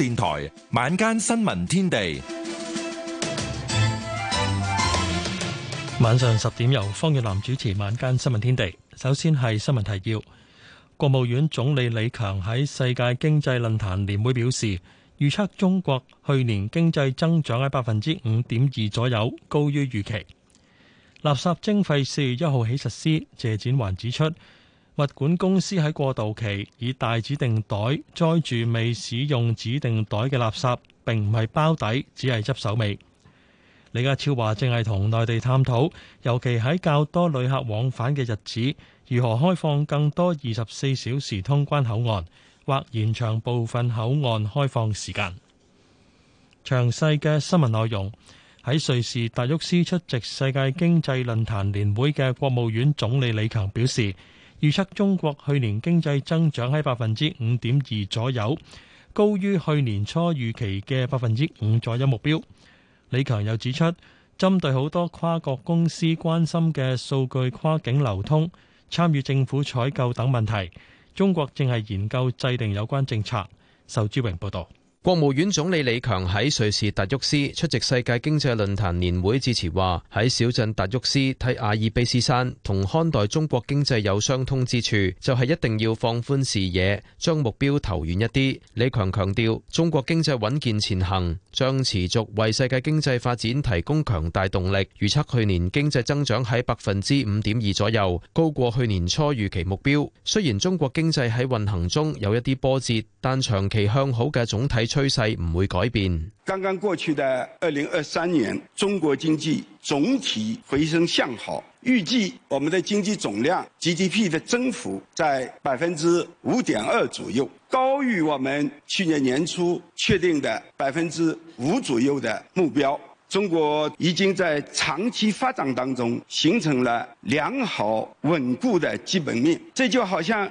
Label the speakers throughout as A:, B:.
A: 電台晚間新聞天地，晚上十點由方遠南主持晚間新聞天地。首先係新聞提要。國務院總理李強喺世界經濟論壇年會表示，預測中國去年經濟增長喺百分之五點二左右，高於預期。垃圾徵費四月一號起實施，謝展寰指出。物管公司喺過渡期以大指定袋載住未使用指定袋嘅垃圾，並唔係包底，只係執手尾。李家超話，正係同內地探討，尤其喺較多旅客往返嘅日子，如何開放更多二十四小時通關口岸，或延長部分口岸開放時間。詳細嘅新聞內容，喺瑞士達沃斯出席世界經濟論壇年會嘅國務院總理李強表示，預測中國去年經濟增長喺百分之五點二左右，高於去年初預期嘅百分之五左右目標。李強又指出，針對好多跨國公司關心嘅數據跨境流通、參與政府採購等問題，中國正係研究制定有關政策。仇志榮報道。
B: 國務院總理李強喺瑞士達沃斯出席世界經濟論壇年會致辭話：喺小鎮達沃斯睇阿爾卑斯山，同看待中國經濟有相通之處，就係一定要放寬視野，將目標投遠一啲。李強強調，中國經濟穩健前行，將持續為世界經濟發展提供強大動力。預測去年經濟增長喺百分之五點二左右，高過去年初預期目標。雖然中國經濟喺運行中有一啲波折，但長期向好嘅總體。趨勢不會改變。
C: 剛剛過去的二零二三年，中國經濟總體回升向好，預計我們的經濟總量 GDP 的增幅在百分之五點二左右，高於我們去年年初確定的百分之五左右的目標。中國已經在長期發展當中形成了良好穩固的基本面，這就好像。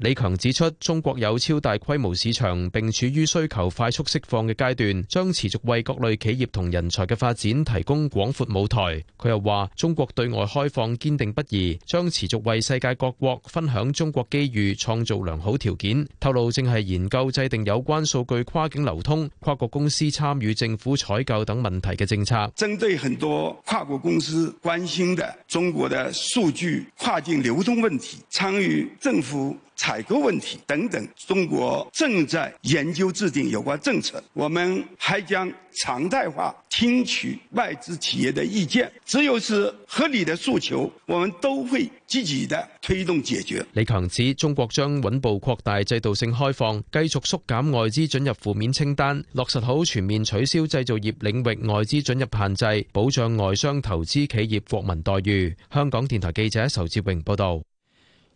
B: 李強指出，中國有超大規模市場，並處於需求快速釋放嘅階段，將持續為各類企業同人才嘅發展提供廣闊舞台。佢又話，中國對外開放堅定不移，將持續為世界各國分享中國機遇、創造良好條件。透露正係研究制定有關數據跨境流通、跨國公司參與政府採購
C: 等問題嘅政策。針對很多跨國公司關心的中國的數據跨境流通問題、參與政府，採購問題等等，中國正在研究制定有關政策。我們還將常態化聽取外資企業的意見，只有是合理的訴求，我們都會積極的推動解決。
B: 李強指，中國將穩步擴大制度性開放，繼續縮減外資準入負面清單，落實好全面取消製造業領域外資準入限制，保障外商投資企業國民待遇。香港電台記者仇志榮報道。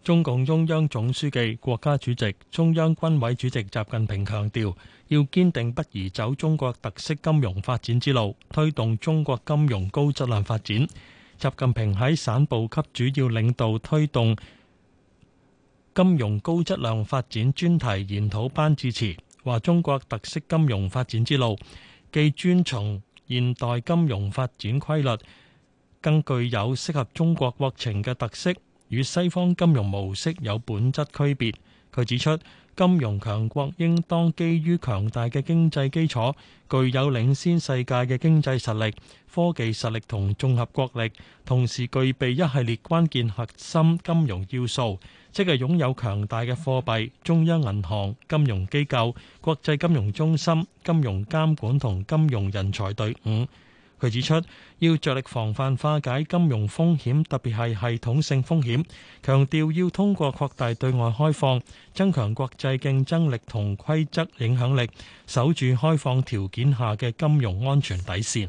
A: 中共中央總書記、國家主席、中央軍委主席習近平強調，要堅定不移走中國特色金融發展之路，推動中國金融高質量發展。習近平喺省部級主要領導推動金融高質量發展專題研討班致辭，話中國特色金融發展之路既遵從現代金融發展規律，更具有適合中國國情嘅特色。與西方金融模式有本質區別。佢指出，金融強國應當基於強大嘅經濟基礎，具有領先世界嘅經濟實力、科技實力同綜合國力，同時具備一系列關鍵核心金融要素，即係擁有強大嘅貨幣、中央銀行、金融機構、國際金融中心、金融監管同金融人才隊伍。佢指出，要着力防範化解金融風險，特別係系統性風險，強調要通過擴大對外開放，增強國際競爭力同規則影響力，守住開放條件下嘅金融安全底線。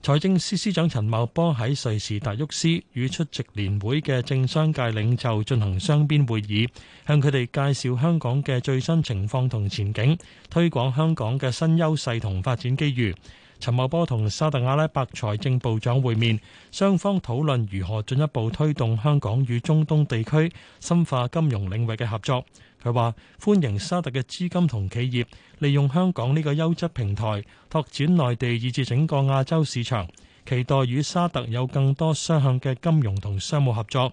A: 財政司司長陳茂波喺瑞士達沃斯與出席年會嘅政商界領袖進行雙邊會議，向佢哋介紹香港嘅最新情況同前景，推廣香港嘅新優勢同發展機遇。陳茂波同沙特阿拉伯財政部長會面，雙方討論如何進一步推動香港與中東地區深化金融領域嘅合作。佢話歡迎沙特嘅資金同企業利用香港呢個優質平台拓展內地以至整個亞洲市場，期待與沙特有更多雙向嘅金融同商務合作。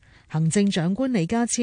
D: 行政長官李家超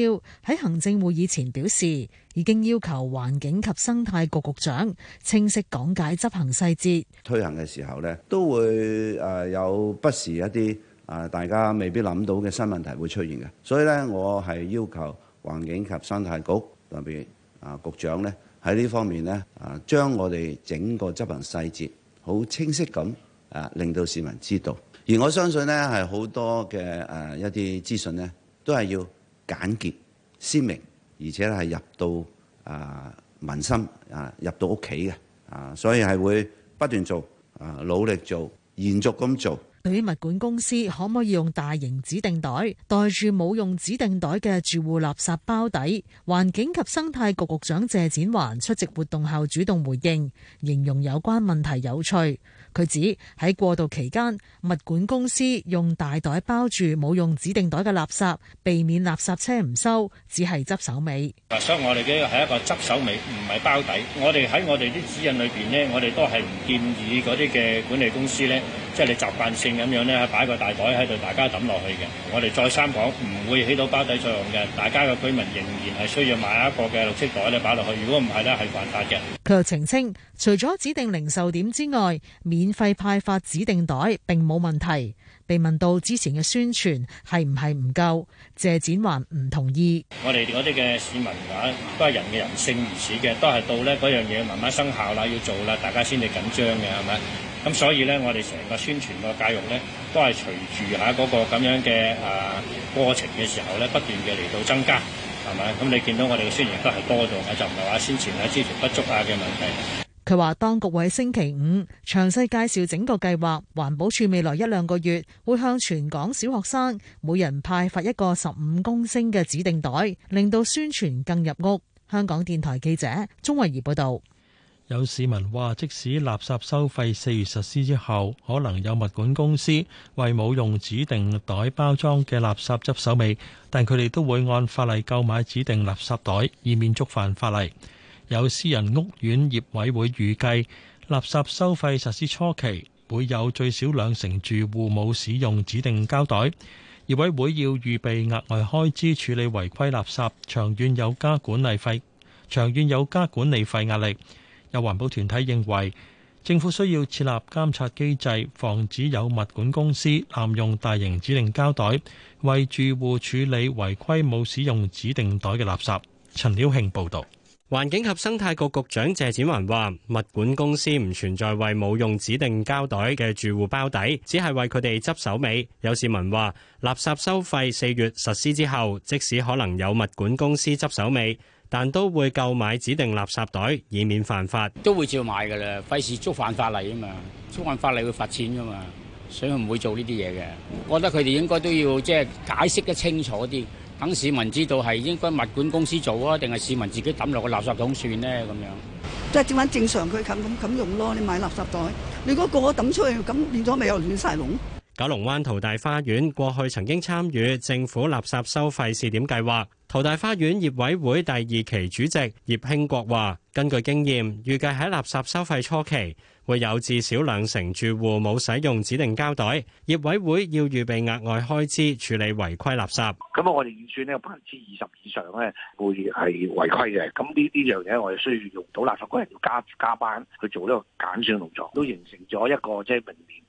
D: 喺行政會議前表示，已經要求環境及生態局局長清晰講解執行細節。
E: 推行嘅時候呢，都會誒有不時一啲誒大家未必諗到嘅新問題會出現嘅，所以呢，我係要求環境及生態局特別啊局長呢，喺呢方面呢，啊，將我哋整個執行細節好清晰咁啊，令到市民知道。而我相信呢，係好多嘅誒一啲資訊呢。都係要簡潔鮮明，而且係入到啊民心啊，入到屋企嘅啊，所以係會不斷做啊，努力做，延續咁做。
D: 對於物管公司可唔可以用大型指定袋袋住冇用指定袋嘅住戶垃圾包底？環境及生態局局長謝展環出席活動後主動回應，形容有關問題有趣。佢指喺過渡期間，物管公司用大袋包住冇用指定袋嘅垃圾，避免垃圾車唔收，只係執手尾。
F: 嗱，所以我哋呢個係一個執手尾，唔係包底。我哋喺我哋啲指引裏邊咧，我哋都係唔建議嗰啲嘅管理公司咧。即係你習慣性咁樣咧，擺個大袋喺度，大家抌落去嘅。我哋再三講唔會起到包底作用嘅，大家嘅居民仍然係需要買一個嘅綠色袋咧，擺落去。如果唔係咧，係犯法嘅。
D: 佢又澄清，除咗指定零售點之外，免費派發指定袋並冇問題。被問到之前嘅宣傳係唔係唔夠，謝展環唔同意。
F: 我哋嗰啲嘅市民嘅、啊、都係人嘅人性如此嘅，都係到咧嗰樣嘢慢慢生效啦，要做啦，大家先至緊張嘅，係咪？咁所以呢，我哋成個宣傳個教育呢，都係隨住下嗰個咁樣嘅、啊、過程嘅時候呢，不斷嘅嚟到增加，係咪？咁你見到我哋嘅宣傳都係多咗，就唔係話，宣傳啊、支持不足啊嘅問題。
D: 佢話當局喺星期五詳細介紹整個計劃，環保署未來一兩個月會向全港小學生每人派發一個十五公升嘅指定袋，令到宣傳更入屋。香港電台記者鍾慧儀報道。
A: 有市民話，即使垃圾收費四月實施之後，可能有物管公司為冇用指定袋包裝嘅垃圾執手尾，但佢哋都會按法例購買指定垃圾袋，以免觸犯法例。有私人屋苑業委會預計，垃圾收費實施初期會有最少兩成住戶冇使用指定膠袋，業委會要預備額外開支處理違規垃圾，長遠有加管理費，長遠有加管理費壓力。有環保團體認為，政府需要設立監察機制，防止有物管公司濫用大型指定膠袋，為住戶處理違規冇使用指定袋嘅垃圾。陳曉慶報導。
F: 環境及生態局局長謝展寰話：物管公司唔存在為冇用指定膠袋嘅住戶包底，只係為佢哋執手尾。有市民話：垃圾收費四月實施之後，即使可能有物管公司執手尾。但都會購買指定垃圾袋，以免犯法。都會照買噶啦，費事觸犯法例啊嘛，觸犯法例會罰錢噶嘛，所以唔會做呢啲嘢嘅。覺得佢哋應該都要即係解釋得清楚啲，等市民知道係應該物管公司做啊，定係市民自己抌落個垃圾桶算咧咁樣。
G: 即係照翻正常佢噉噉用咯，你買垃圾袋，你如果個個抌出去噉變咗，咪又亂晒龍。
F: 九龍灣淘大花園過去曾經參與政府垃圾收費試點計劃。淘大花園業委會第二期主席葉興國話：根據經驗，預計喺垃圾收費初期會有至少兩成住戶冇使用指定膠袋，業委會要預備額外開支處理違規垃圾。
H: 咁啊，我哋預算咧有百分之二十以上咧會係違規嘅。咁呢呢樣嘢我哋需要用到垃圾工人要加加班去做呢個揀選動作，都形成咗一個即係明年。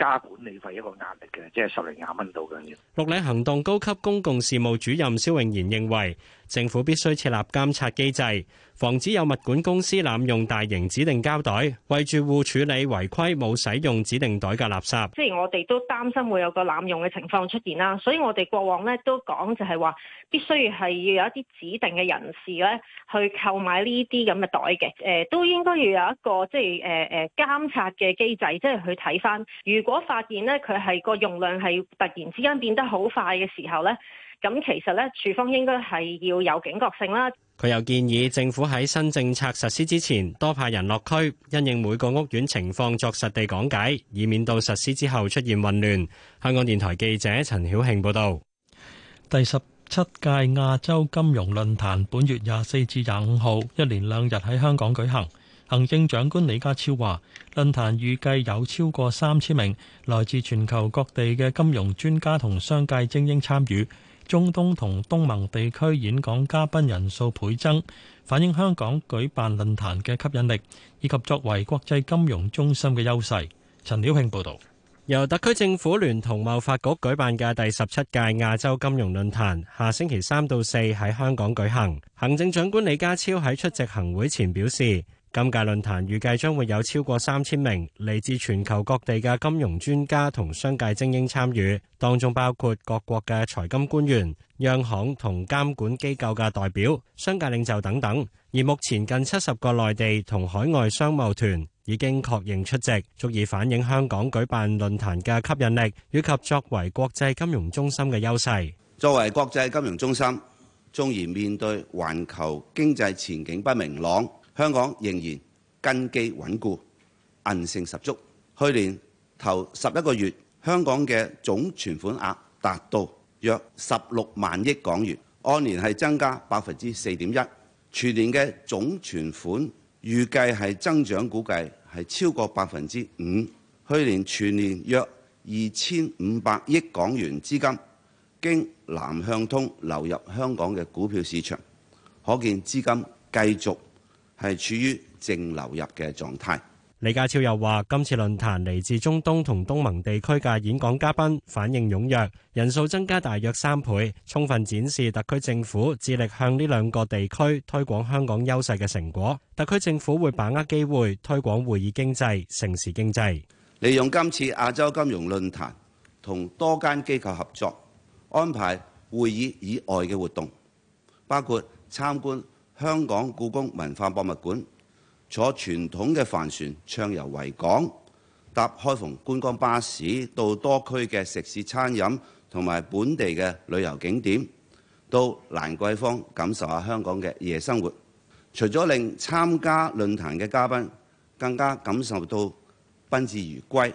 H: 加管理費一個壓力嘅，即係十零廿蚊到嘅。
F: 綠領行動高級公共事務主任蕭永賢認為。政府必須設立監察機制，防止有物管公司濫用大型指定膠袋，為住戶處理違規冇使用指定袋嘅垃圾。
I: 即係我哋都擔心會有個濫用嘅情況出現啦，所以我哋過往咧都講就係話必須係要有一啲指定嘅人士咧去購買呢啲咁嘅袋嘅。都應該要有一個即係監察嘅機制，即係去睇返，如果發現咧佢係個用量係突然之間變得好快嘅時候咧。咁其實咧，處方應該係要有警覺性啦。
F: 佢又建議政府喺新政策實施之前，多派人落區，因應每個屋苑情況，作實地講解，以免到實施之後出現混亂。香港電台記者陳曉慶報道。
A: 第十七屆亞洲金融論壇本月廿四至廿五號一連兩日喺香港舉行。行政長官李家超話：論壇預計有超過三千名來自全球各地嘅金融專家同商界精英參與。中東同東盟地區演講嘉賓人數倍增，反映香港舉辦論壇嘅吸引力，以及作為國際金融中心嘅優勢。陳曉慶報道。由特區政府聯同貿發局舉辦嘅第十七屆亞
F: 洲金融論壇，下星期三到四喺香港舉行。行政長官李家超喺出席行會前表示，今屆論壇預計將會有超過三千名嚟自全球各地嘅金融專家同商界精英參與，當中包括各國嘅財金官員、央行同監管機構嘅代表、商界領袖等等。而目前近七十個內地同海外商貿團已經確認出席，足以反映香港舉辦論壇嘅吸引力，以及作為國際金融中心嘅優勢。
E: 作為國際金融中心，縱然面對環球經濟前景不明朗。香港仍然根基穩固，韌性十足。去年頭十一個月，香港嘅總存款額達到約十六萬億港元，按年係增加百分之四點一。全年嘅總存款預計係增長，估計係超過百分之五。去年全年約二千五百億港元資金經南向通流入香港嘅股票市場，可見資金繼續。係處於淨流入嘅狀態。
F: 李家超又話，今次論壇嚟自中東同東盟地區嘅演講嘉賓反應踴躍，人數增加大約三倍，充分展示特區政府致力向呢兩個地區推廣香港優勢嘅成果。特區政府會把握機會，推廣會議經濟、城市經濟，
E: 利用今次亞洲金融論壇同多間機構合作，安排會議以外嘅活動，包括參觀香港故宮文化博物館，坐傳統嘅帆船暢遊維港，搭開篷觀光巴士到多區嘅食肆、餐飲同埋本地嘅旅遊景點，到蘭桂坊感受下香港嘅夜生活。除咗令參加論壇嘅嘉賓更加感受到賓至如歸，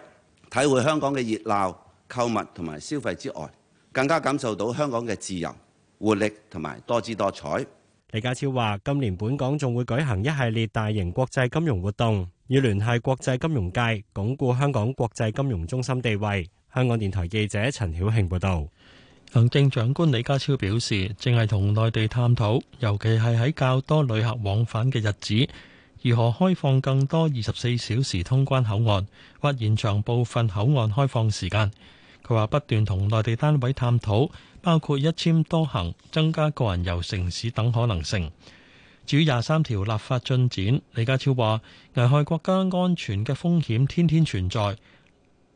E: 體會香港嘅熱鬧、購物同埋消費之外，更加感受到香港嘅自由、活力同埋多姿多彩。
F: 李家超話：今年本港仲會舉行一系列大型國際金融活動，以聯繫國際金融界，鞏固香
A: 港國際金融中心地位。香港電台記者陳曉慶報道。行政長官李家超表示，正係同內地探討，尤其係喺較多旅客往返嘅日子，如何開放更多二十四小時通關口岸或延長部分口岸開放時間。佢話不斷同內地單位探討。包括一簽多行、增加個人遊城市等可能性。至於廿三條立法進展，李家超話：危害國家安全嘅風險天天存在，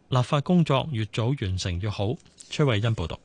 A: 立法工作越早完成越好。崔慧欣報道。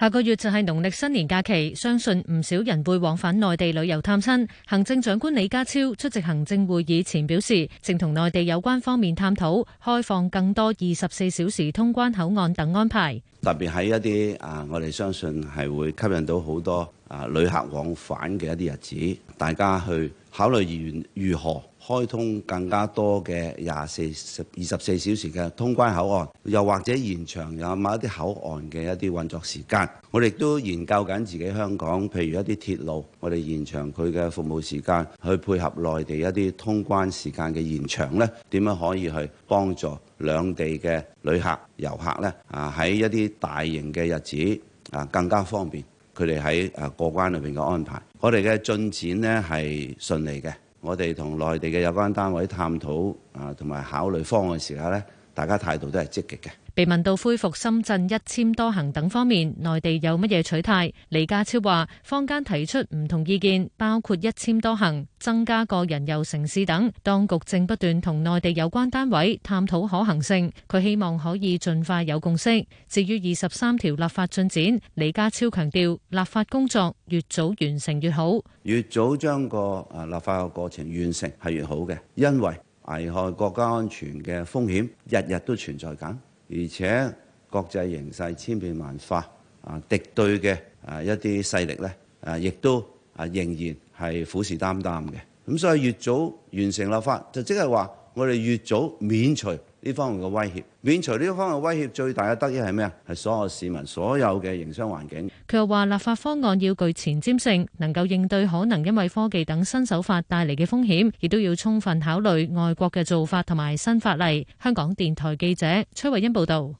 I: 下個月就係農曆新年假期，相信唔少人會往返內地旅遊探親。行政長官李家超出席行政會議前表示，正同內地有關方面探討，開放更多二十四小時通關口岸等安排。
E: 特別喺一啲啊，我哋相信係會吸引到好多啊旅客往返嘅一啲日子，大家去。考慮如何開通更加多嘅廿四十二十四小時嘅通關口岸，又或者延長某一啲口岸嘅一啲運作時間。我哋都研究緊自己香港，譬如一啲鐵路，我哋延長佢嘅服務時間，去配合內地一啲通關時間嘅延長呢點樣可以去幫助兩地嘅旅客、遊客呢？啊，喺一啲大型嘅日子啊，更加方便。佢哋喺誒過關入邊嘅安排，我哋嘅進展咧係順利嘅。我哋同內地嘅有關單位探討啊，同埋考慮方案的時候咧。大家態度都係積極嘅。
I: 被問到恢復深圳一簽多行等方面，內地有乜嘢取態？李家超話：坊間提出唔同意見，包括一簽多行、增加個人遊城市等，當局正不斷同內地有關單位探討可行性。佢希望可以盡快有共識。至於二十三條立法進展，李家超強調立法工作越早完成越好，
E: 越早將個誒立法嘅過程完成係越好嘅，因為，危害國家安全嘅風險，日日都存在緊，而且國際形勢千變萬化，啊，敵對嘅啊一啲勢力呢，啊，亦都啊仍然係虎視眈眈嘅，咁所以越早完成立法，就即係話我哋越早免除。呢方面嘅威脅，免除呢方面嘅威脅最大嘅得益係咩啊？係所有市民、所有嘅營商環境。
I: 佢又話：立法方案要具前瞻性，能夠應對可能因為科技等新手法帶嚟嘅風險，亦都要充分考慮外國嘅做法同埋新法例。香港電台記者崔慧欣報道，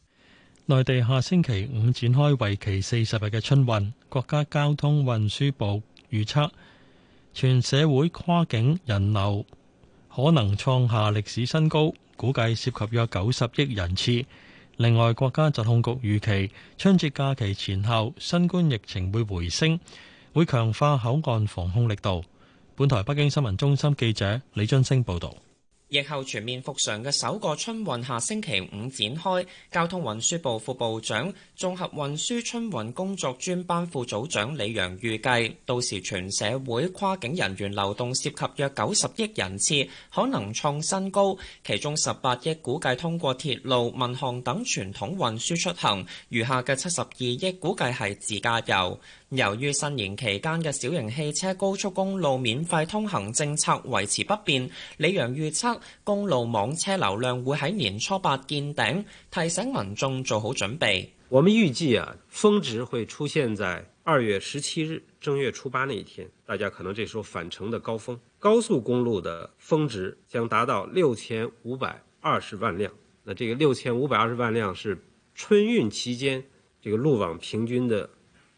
A: 內地下星期五展開為期四十日嘅春運，國家交通運輸部預測，全社會跨境人流可能創下歷史新高。估計涉及約九十億人次。另外，國家疾控局預期春節假期前後新冠疫情會回升，會強化口岸防控力度。本台北京新聞中心記者李俊升報道。
J: 疫後全面復常嘅首個春運下星期五展開，交通運輸部副部長、綜合運輸春運工作專班副組長李陽預計，到時全社會跨境人員流動涉及約九十億人次，可能創新高。其中十八億估計通過鐵路、民航等傳統運輸出行，餘下嘅七十二億估計係自駕遊。由於新年期間嘅小型汽車高速公路免費通行政策維持不變，李陽預測公路網車流量會喺年初八見
F: 頂，提醒民眾做好準備。我們預計啊，峰值會出現在二月十七日正月初八那一天，大家可能這時候返程的高峰，高速公路的峰值將達到六千五百二十萬輛。那這個六千五百二十萬輛是春運期間這個路網平均的，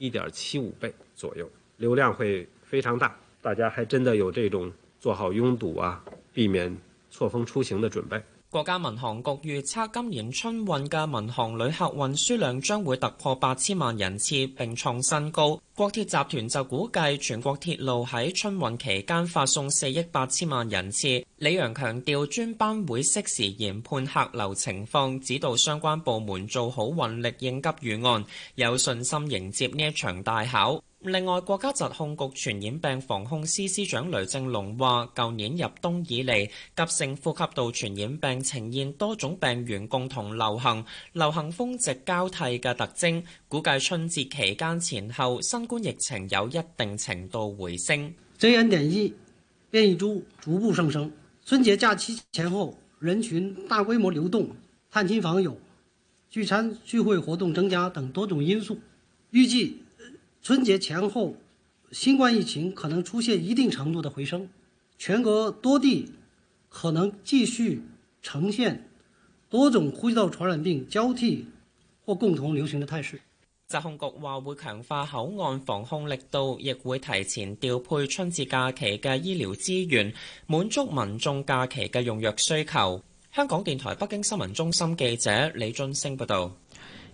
F: 一點七五倍左右，流量會非常大，大家還真的有這種做好擁堵啊，避免錯峰出行的準備。
J: 國家民航局預測，今年春運嘅民航旅客運輸量將會突破八千萬人次，並創新高。國鐵集團就估計全國鐵路喺春運期間發送四億八千萬人次。李陽強調，專班會適時研判客流情況，指導相關部門做好運力應急預案，有信心迎接呢一場大考。另外，國家疾控局傳染病防控司司長雷正龍話，舊年入冬以嚟，急性呼吸道傳染病呈現多種病原共同流行、流行峰值交替嘅特徵，估計春節期間前後，新冠疫情有一定程度回升。
F: JN 點一，變異株逐步上升，春節假期前後，人群大規模流動、探親訪友、聚餐聚會活動增加等多種因素，預計。春節前後，新冠疫情可能出現一定程度的回升，全國多地可能繼續呈現多種呼吸道傳染病交替或共同流行的態勢。
J: 疾控局話會強化口岸防控力度，亦會提前調配春節假期嘅醫療資源，滿足民眾假期嘅用藥需求。香港電台北京新聞中心記者李俊升報道。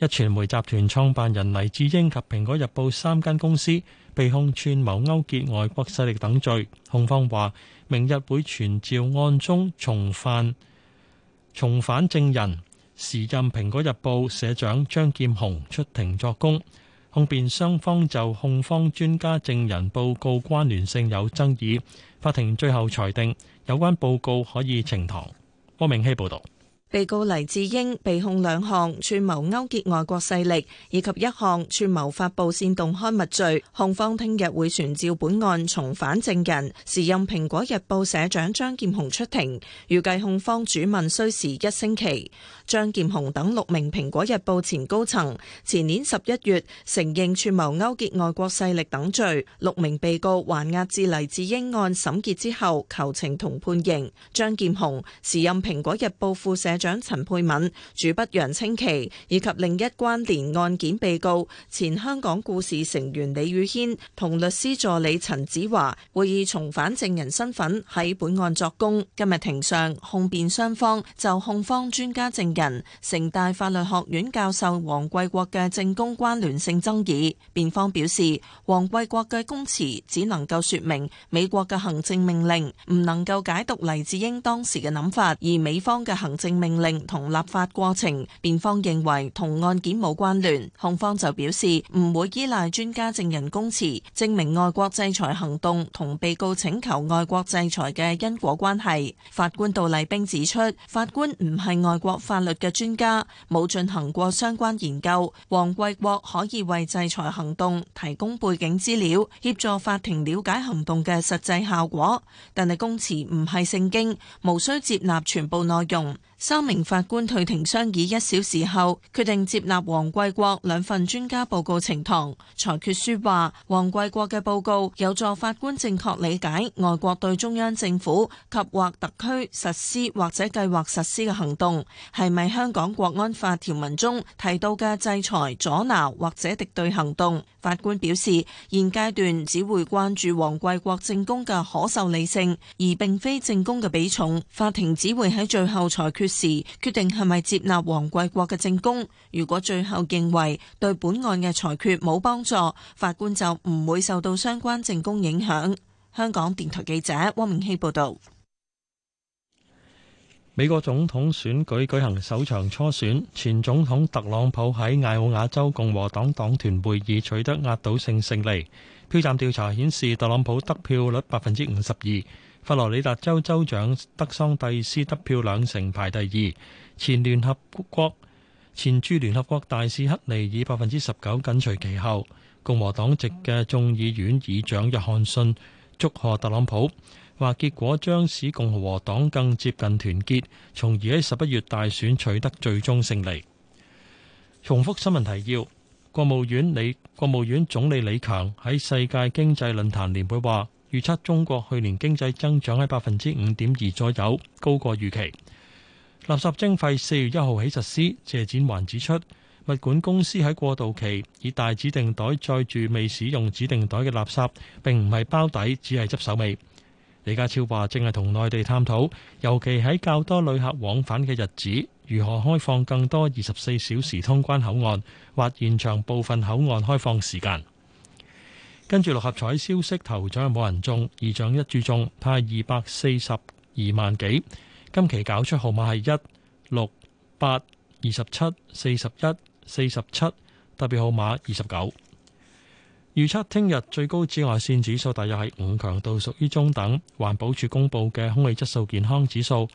A: 一傳媒集團創辦人黎智英及《蘋果日報》三間公司被控串謀勾結外國勢力等罪，控方話明日會傳召案中從犯、從犯證人、時任《蘋果日報》社長張劍虹出庭作供。控辯雙方就控方專家證人報告關聯性有爭議，法庭最後裁定有關報告可以呈堂。汪明希報導。
G: 被告黎智英被控兩項串謀勾結外國勢力以及一項串謀發佈煽動刊物罪，控方聽日會傳召本案從犯證人、時任蘋果日報社長張劍虹出庭，預計控方主問需時一星期。張劍虹等六名蘋果日報前高層前年十一月承認串謀勾結外國勢力等罪，六名被告還押至黎智英案審結之後求情同判刑。張劍虹時任蘋果日報副社長。長陳佩敏、主筆楊清奇以及另一關聯案件被告前香港故事成員李宇軒同律師助理陳梓華，會以重返證人身份喺本案作供。今日庭上控辯雙方就控方專家證人城大法律學院教授黃桂國嘅證供關聯性爭議，辯方表示黃桂國嘅供詞只能夠說明美國嘅行政命令，唔能夠解讀黎智英當時嘅諗法，而美方嘅行政命。命令同立法過程，辯方認為同案件冇關聯，控方就表示唔會依賴專家證人供詞證明外國制裁行動同被告請求外國制裁嘅因果關係。法官杜麗冰指出，法官唔係外國法律嘅專家，冇進行過相關研究。王貴國可以為制裁行動提供背景資料，協助法庭了解行動嘅實際效果，但係供詞唔係聖經，無需接納全部內容。三名法官退庭商議一小時後，決定接納王貴國兩份專家報告呈堂。裁決書話，王貴國嘅報告有助法官正確理解外國對中央政府及或特區實施或者計劃實施嘅行動，係咪香港國安法條文中提到嘅制裁、阻撓或者敵對行動？法官表示，現階段只會關注王貴國證供嘅可受理性，而並非證供嘅比重。法庭只會喺最後裁決時決定係咪接納黃貴國嘅證供。如果最後認為對本案嘅裁決冇幫助，法官就唔會受到相關證供影響。香港電台記者汪明熙報道。
A: 美國總統選舉舉行首場初選，前總統特朗普喺艾奧瓦州共和黨黨團會議取得壓倒性勝利。票站調查顯示，特朗普得票率百分之五十二。佛羅里達州州長德桑蒂斯得票兩成排第二，前聯合國前駐聯合國大使克尼爾百分之十九緊隨其後。共和黨籍嘅眾議院議長約翰遜祝賀特朗普，話結果將使共和黨更接近團結，從而喺十一月大選取得最終勝利。重複新聞提要：國務院李，國務院總理李強喺世界經濟論壇年會話。預測中國去年經濟增長喺百分之五點二左右，高過預期。垃圾徵費四月一號起實施。謝展環指出，物管公司喺過渡期以大指定袋載住未使用指定袋嘅垃圾，並唔係包底，只係執手尾。李家超話，正係同內地探討，尤其喺較多旅客往返嘅日子，如何開放更多二十四小時通關口岸，或延長部分口岸開放時間。跟住六合彩消息，頭獎係冇人中，二獎一注中，派二百四十二萬幾。今期搞出號碼係一六八二十七、四十一、四十七，特別號碼二十九。預測聽日最高紫外線指數大約係五強度，屬於中等。環保署公佈嘅空氣質素健康指數，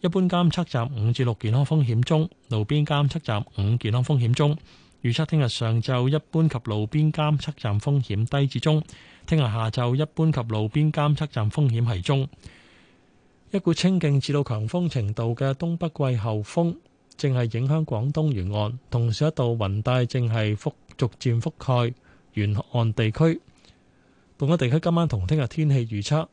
A: 一般監測站五至六健康風險中，路邊監測站五健康風險中。預測聽日上晝一般及路邊監測站風險低至中，聽日下晝一般及路邊監測站風險係中。一股清勁至到強風程度嘅東北季候風正係影響廣東沿岸，同時一道雲帶正係覆逐漸覆蓋沿岸地區。本港地區今晚同聽日天氣預測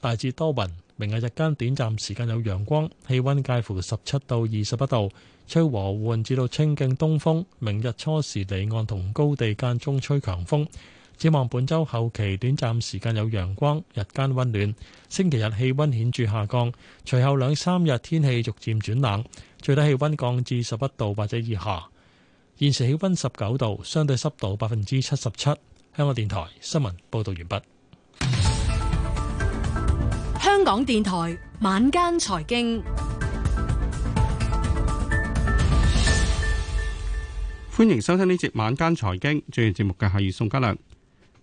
A: 大致多雲，明日日間短暫時間有陽光，氣温介乎十七到二十一度。吹和緩至到清勁東風，明日初時離岸同高地間中吹強風。展望本周後期短暫時間有陽光，日間温暖。星期日氣温顯著下降，隨後兩三日天氣逐漸轉冷，最低氣温降至十一度或者以下。現時氣温十九度，相對濕度百分之七十七。香港電台新聞報道完畢。
I: 香港電台晚間財經。
K: 歡迎收聽呢節晚間財經，主持節目嘅係宋家良。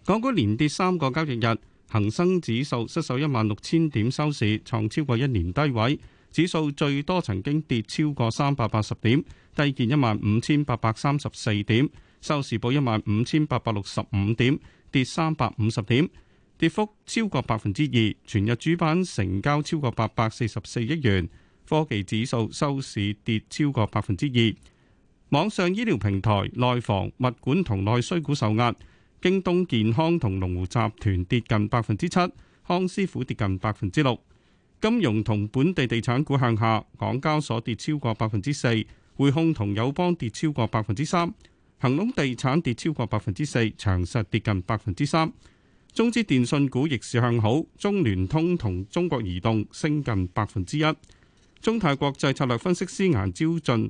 K: 港股連跌三個交易日，恒生指數失守一萬六千點收市，創超過一年低位。指數最多曾經跌超過三百八十點，低見一萬五千八百三十四點，收市報一萬五千八百六十五點，跌三百五十點，跌幅超過百分之二。全日主板成交超過八百四十四億元，科技指數收市跌超過百分之二。網上醫療平台，內房物管同內需股受壓，京東健康同龍湖集團跌近百分之七，康師傅跌近百分之六。金融同本地地產股向下，港交所跌超過百分之四，匯控同友邦跌超過百分之三，恒隆地產跌超過百分之四，長實跌近百分之三。中資電信股逆市向好，中聯通同中國移動升近百分之一。中泰國際策略分析師顏招駿。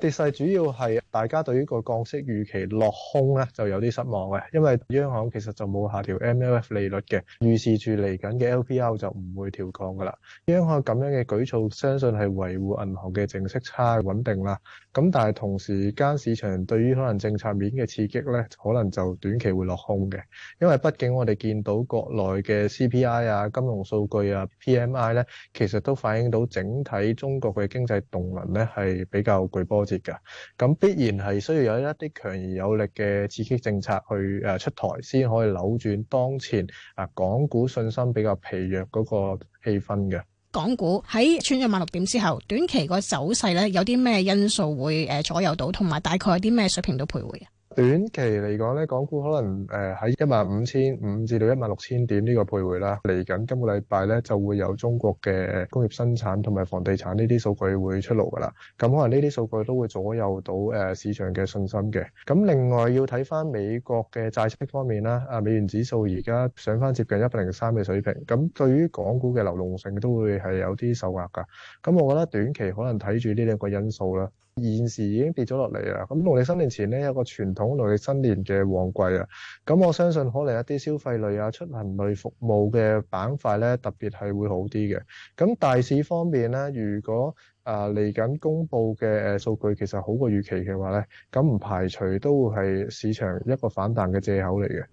H: 跌勢主要係大家對於個降息預期落空咧，就有啲失望嘅。因為央行其實就冇下調 MLF 利率嘅，預示住嚟緊嘅 LPR 就唔會調降噶啦。央行咁樣嘅舉措，相信係維護銀行嘅淨息差穩定啦。咁但係同時間，市場對於可能政策面嘅刺激咧，可能就短期會落空嘅。因為畢竟我哋見到國內嘅 CPI 啊、金融數據啊、PMI 咧，其實都反映到整體中國嘅經濟動能咧係比較巨波嘅，咁必然係需要有一啲強而有力嘅刺激政策去出台，先可以扭轉當前啊港股信心比較疲弱嗰個氣氛嘅。
D: 港股喺穿咗萬六點之後，短期個走勢咧有啲咩因素會左右到，同埋大概有啲咩水平都徘徊啊？
H: 短期嚟講咧，港股可能誒喺一萬五千五至到一萬六千點呢個徘徊啦。嚟緊今個禮拜咧就會有中國嘅工業生產同埋房地產呢啲數據會出爐㗎喇。咁可能呢啲數據都會左右到市場嘅信心嘅。咁另外要睇返美國嘅債息方面啦。啊，美元指數而家上返接近一百零三嘅水平。咁對於港股嘅流動性都會係有啲受壓㗎。咁我覺得短期可能睇住呢兩個因素啦。現時已經跌咗落嚟啦，咁農曆新年前咧有個傳統農曆新年嘅旺季啊，咁我相信可能一啲消費類啊、出行類服務嘅板塊咧，特別係會好啲嘅。咁大市方面咧，如果啊嚟緊公佈嘅數據其實好過預期嘅話咧，咁唔排除都會係市場一個反彈嘅藉口嚟嘅。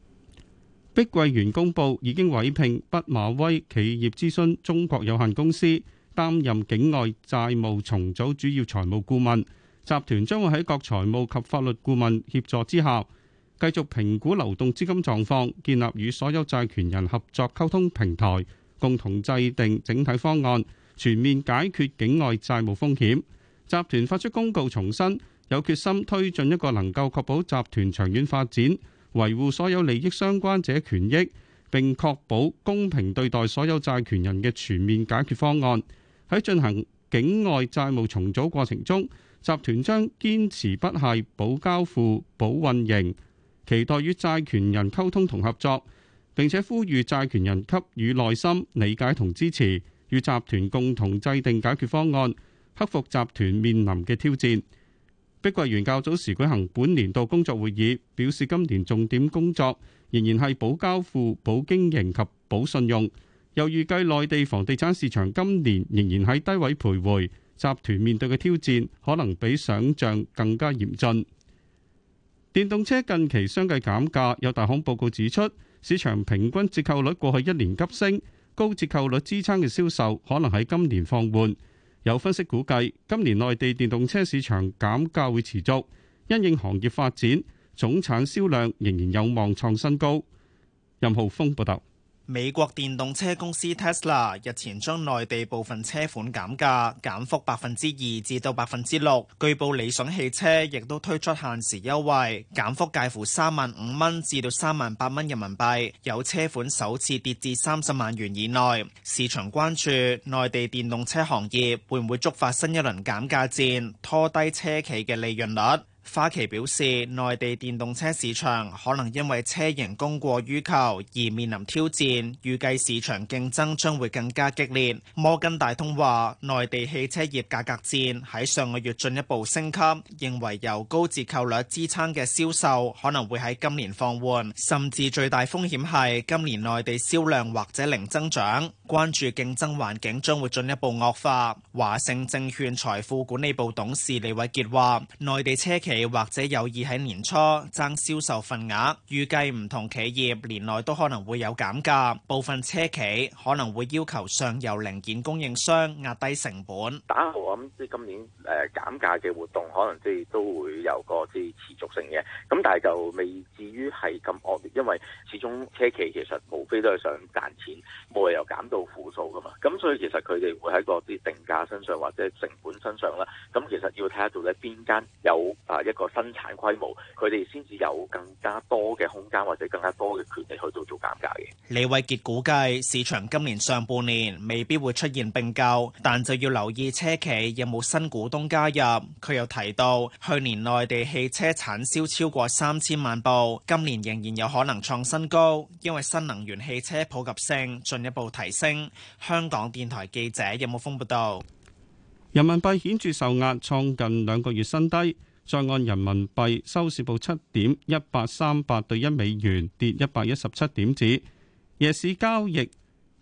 K: 碧桂園公佈已經委聘畢馬威企業諮詢中國有限公司。擔任境外債務重組主要財務顧問，集團將會喺各財務及法律顧問協助之下，繼續評估流動資金狀況，建立與所有債權人合作溝通平台，共同制定整體方案，全面解決境外債務風險。集團發出公告重申，有決心推進一個能夠確保集團長遠發展、維護所有利益相關者權益，並確保公平對待所有債權人嘅全面解決方案。喺進行境外債務重組過程中，集團將堅持不懈保交付、保運營，期待與債權人溝通同合作，並且呼籲債權人給予耐心理解同支持，與集團共同制定解決方案，克服集團面臨嘅挑戰。碧桂園較早時舉行本年度工作會議，表示今年重點工作仍然係保交付、保經營及保信用。又預計內地房地產市場今年仍然喺低位徘徊，集團面對嘅挑戰可能比想像更加嚴峻。電動車近期相繼減價，有大行報告指出，市場平均折扣率過去一年急升，高折扣率支撐嘅銷售可能喺今年放緩。有分析估計，今年內地電動車市場減價會持續，因應行業發展，總產銷量仍然有望創新高。任浩峰報導。
L: 美國電動車公司 Tesla 日前將內地部分車款減價減幅百分之二至到百分之六。據報理想汽車亦都推出限時優惠減幅介乎三萬五蚊至到三萬八蚊人民幣，有車款首次跌至三十萬元以內。市場關注內地電動車行業會唔會觸發新一輪減價戰，拖低車企嘅利潤率。花旗表示，內地電動車市場可能因為車型供過於求而面臨挑戰，預計市場競爭將會更加激烈。摩根大通話，內地汽車業價格戰喺上個月進一步升級，認為由高折扣率支撐嘅銷售可能會喺今年放緩，甚至最大風險係今年內地銷量或者零增長。關注競爭環境將會進一步惡化。華盛證券財富管理部董事李偉傑話：內地車企或者有意喺年初爭銷售份額，預計唔同企業年內都可能會有減價，部分車企可能會要求上游零件供應商壓低成本。
B: 打我諗，即係今年誒減價嘅活動，可能即係都會有個即持續性嘅，咁但係就未至於係咁惡劣，因為始終車企其實無非都係想賺錢，冇理由減到負數噶嘛。咁所以其實佢哋會喺個啲定價身上或者成本身上啦，咁其實要睇下到底邊間有啊。一個生產規模，佢哋先至有更加多
A: 嘅空間，或者更加多嘅權力去做做
L: 減價嘅。李偉杰估計市場今年上半年未必會出現併購，但就要留意車企有冇新股東加入。佢又提到，去年內地汽車產銷超過三千萬部，今年仍然有可能創新高，因為新能源汽車普及性進一步提升。香港電台記者任木峰報道。
K: 人民幣顯著受壓，創近兩個月新低。在岸人民幣收市報七點一八三八對一美元，跌一百一十七點子。夜市交易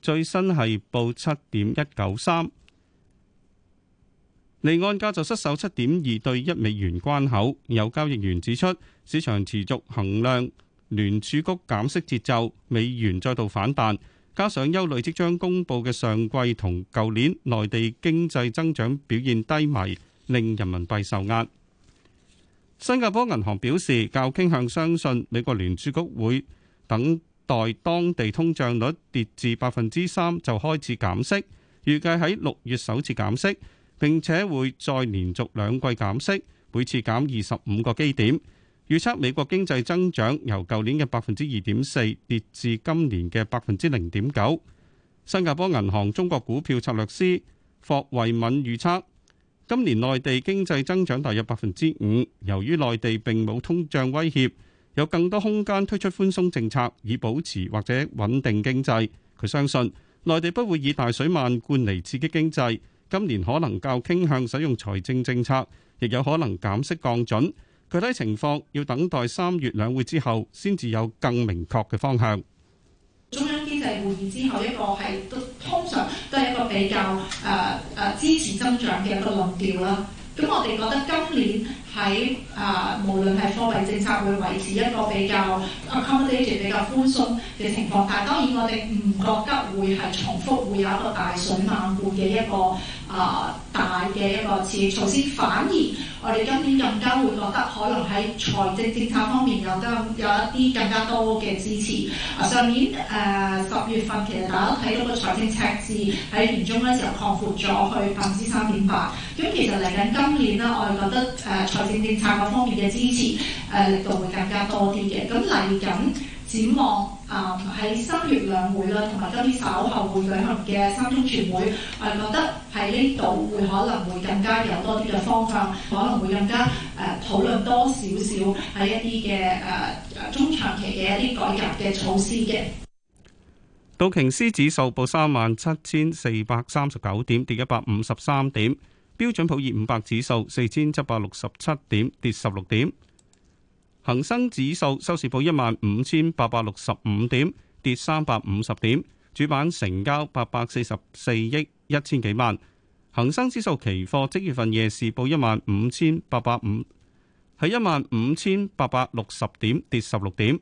K: 最新係報七點一九三，離岸價就失守七點二對一美元關口。有交易員指出，市場持續衡量聯儲局減息節奏，美元再度反彈，加上憂慮即將公佈嘅上季同舊年內地經濟增長表現低迷，令人民幣受壓。新加坡銀行表示，較傾向相信美國聯儲局會等待當地通脹率跌至百分之三就開始減息，預計喺六月首次減息，並且會再連續兩季減息，每次減二十五個基點。預測美國經濟增長由舊年嘅百分之二點四跌至今年嘅百分之零點九。新加坡銀行中國股票策略師霍維敏預測。今年內地經濟增長大約百分之五，由於內地並冇通脹威脅，有更多空間推出寬鬆政策，以保持或者穩定經濟。佢相信內地不會以大水漫灌嚟刺激經濟，今年可能較傾向使用財政政策，亦有可能減息降準。具體情況要等待三月兩會之後先至有更明確嘅方向。
D: 中央經濟會議之後，一個係都。
G: 通常都係一個比較誒誒、呃、支持增長嘅一個論調啦。咁我哋覺得今年喺誒、呃、無論係貨幣政策會維持一個比較 accommodative 比較寬鬆嘅情況，但係當然我哋唔覺得會係重複會有一個大水漫灌嘅一個誒大嘅一個刺激措施，反而。我哋今年更加會覺得可能喺財政政策方面有得有一啲更加多嘅支持，啊。上年誒十、呃、月份其實大家睇到個財政赤字喺年中咧，就候擴闊咗去百分之三點八，咁其實嚟緊今年咧，我哋覺得誒財、呃、政政策嗰方面嘅支持誒、呃、力度會更加多啲嘅。咁嚟緊展望。誒
I: 喺三月兩會啦，同埋今年稍後會舉行嘅三中全會，我哋覺得喺呢度會可能會更加有多啲嘅方向，可能會更加誒討論多少少喺一啲嘅誒中
G: 長期嘅一啲改革嘅措施嘅。
K: 道瓊斯指數報三萬七千四百三十九點，跌一百五十三點。標準普爾五百指數四千七百六十七點，跌十六點。恒生指數收市報一萬五千八百六十五點，跌三百五十點。主板成交八百四十四億一千幾萬。恒生指數期貨即月份夜市報一萬五千八百五，喺一萬五千八百六十點，跌十六點。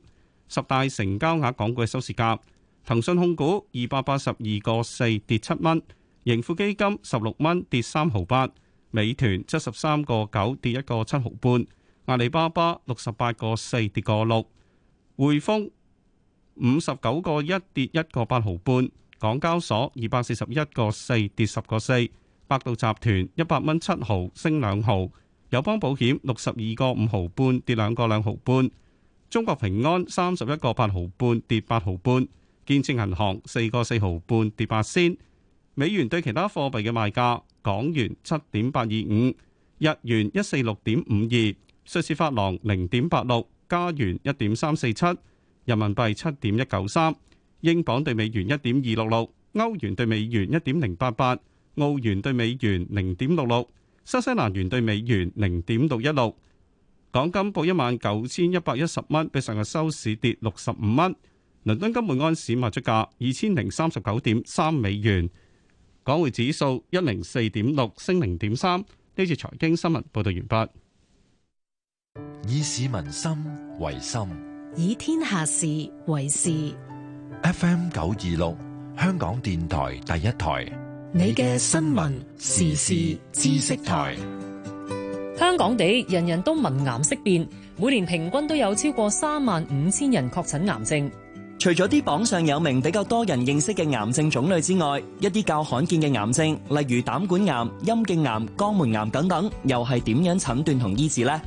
K: 十大成交額港股嘅收市價：騰訊控股二百八十二個四跌七蚊，盈富基金十六蚊跌三毫八，美團七十三個九跌一個七毫半。阿里巴巴六十八個四跌個六，匯豐五十九個一跌一個八毫半，港交所二百四十一個四跌十個四，百度集團一百蚊七毫升兩毫，友邦保險六十二個五毫半跌兩個兩毫半，中國平安三十一個八毫半跌八毫半，建設銀行四個四毫半跌八仙，美元對其他貨幣嘅賣價，港元七點八二五，日元一四六點五二。瑞士法郎零點八六，加元一點三四七，人民幣七點一九三，英鎊兌美元一點二六六，歐元兌美元一點零八八，澳元兌美元零點六六，新西蘭元兌美元零點六一六。港金報一萬九千一百一十蚊，比上日收市跌六十五蚊。倫敦金每安士賣出價二千零三十九點三美元。港匯指數一零四點六升零點三。呢次財經新聞報道完畢。以市民心為心，
I: 以天下事為事。
L: F. M. 九二六，香港電台第一台，
I: 你嘅新聞時事
L: 知識台。
I: 香港地人人都聞癌色變，每年平均都有超過三萬五千人確診癌症。
J: 除咗啲榜上有名、比較多人認識嘅癌症種類之外，一啲較罕見嘅癌症，例如膽管癌、陰莖癌、肛門癌等等，又係點樣診斷同醫治呢？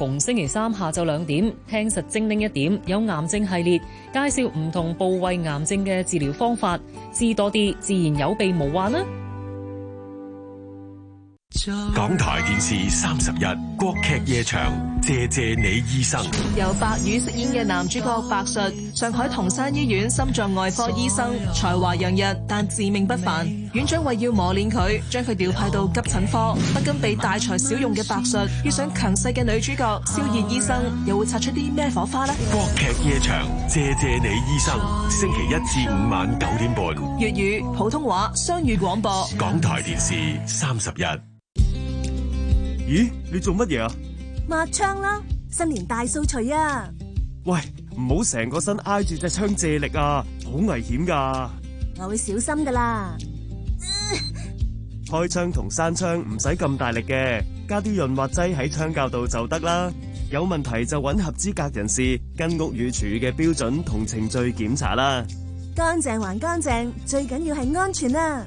I: 逢星期三下晝兩點，聽實精靈一點，有癌症系列介紹唔同部位癌症嘅治療方法，知多啲，自然有備無患啦，啊。
A: 港台電視三十日，國劇夜場謝謝你醫生。
I: 由白宇飾演嘅男主
G: 角白術，上海同山醫院心臟外科醫生，才華洋溢，但自命不凡。院長為要磨練佢，將佢調派到急診科。不甘被大材小用嘅白術，遇上強勢嘅女主角肖硯醫生，又會擦出啲咩火花呢？國
C: 劇
A: 夜場謝謝你醫生。星期一至五晚九點半，
G: 粵語、普通話雙語廣播。
A: 港台電視三十日。咦，你做乜嘢
G: 啊？抹窗啦，新年大掃除啊！
A: 喂，唔好成個身挨住隻窗借力啊，好危險噶！
L: 我會小心噶啦。
A: 呃、開窗同閂窗唔使咁大力嘅，加啲潤滑劑喺窗鉸度就得啦。有問題就揾合資格人士，跟屋宇署嘅標準同程序檢查啦。
G: 乾淨還乾淨，最緊要係安全啦，啊。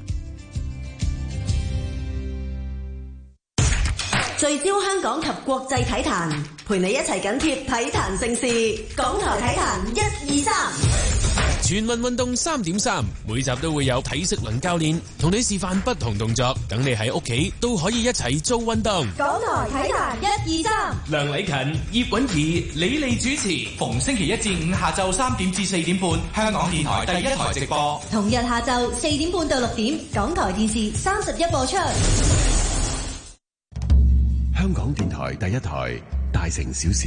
G: 聚焦香港及國際體壇，陪你一齊緊貼體壇盛事。港台體壇
I: 一、二、三，
B: 全民運動三點三，每集都會有體適能教練同你示範不同動作，等你喺屋企都可以一齊做運動。
I: 港台體壇一、
B: 二、三，梁禮勤、葉允怡、李麗主持，逢星期一至
J: 五下晝三點至四點半，香港電台第一台直播。
I: 同日下晝四點半到
K: 六點，港台電視三十一播出。
L: 香港電台第一台《大城小事》，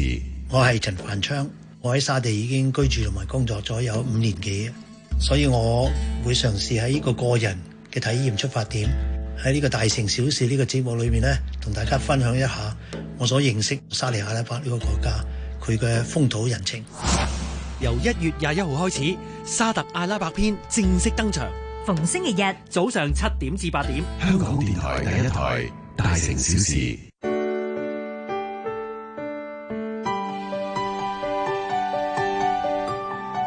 L: 我係陳凡昌，我喺沙地已經居住同埋工作咗有五年幾，所以我會嘗試喺呢個個人嘅體驗出發點，喺呢個《大城小事》呢個節目裏面咧，同大家分享一
A: 下我所認識沙地阿拉伯呢個國家佢嘅風土人情。
J: 由一月廿一號開始，《沙特阿拉伯篇》正式登場，逢星期日早上七點至八點，香港電台第一台
K: 《大城小事》。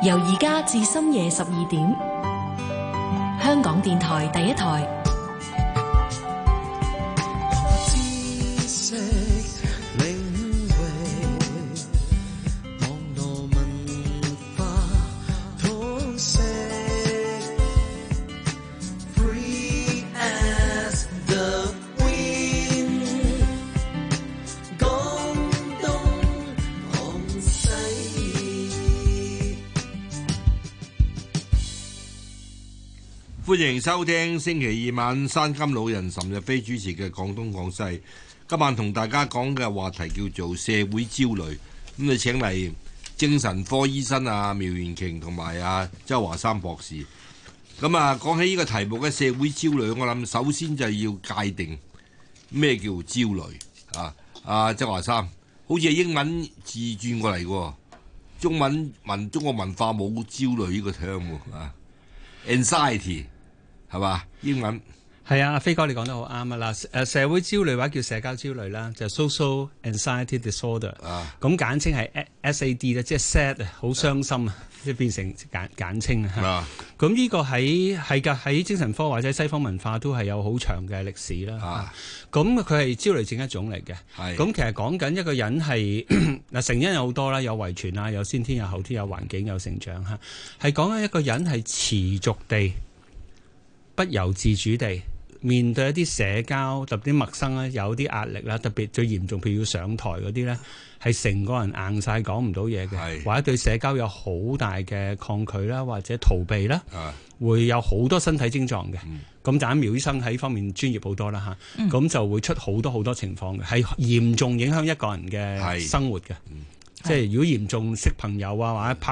I: 由而家至深夜十二點，香港電台第一台。
F: 歡迎收聽星期二晚山金老人岑日飛主持嘅《廣東廣西》。今晚同大家講嘅話題叫做社會焦慮。咁就請嚟精神科醫生啊苗元瓊同埋啊周華山博士。咁啊，講起呢個題目嘅「社會焦慮，我諗首先就要界定咩叫焦慮啊。阿、啊、周華山好似係英文字轉過嚟嘅，中文文中國文化冇焦慮呢個詞喎啊，anxiety。An 係嘛？英文係啊，飛哥，你講得好啱啊！嗱，誒社會焦慮話叫社交焦慮啦，就係 social anxiety disorder 啊。咁簡稱係 SAD 咧，即係 sad 好傷心啊，即變成簡簡稱啊。咁呢個喺係架喺精神科或者西方文化都係有好長嘅歷史啦。咁佢係焦慮症一種嚟嘅。咁的其實講緊一個人係嗱 成因有好多啦，有遺傳啊，有先天，有後天，有環境，有成長嚇，係講緊一個人係持續地。不由自主地面對一啲社交特別陌生咧，有啲壓力啦，特別最嚴重，譬如要上台嗰啲咧，係成個人硬晒講唔到嘢嘅，話是或者對社交有好大嘅抗拒啦，或者逃避啦，啊、會有好多身體症狀嘅。咁斬苗醫生喺方面專業好多啦吓，咁、啊嗯、就會出好多好多情況嘅，係
C: 嚴重影響一個人嘅生活嘅。嗯、即係如果嚴重識朋友啊，或者。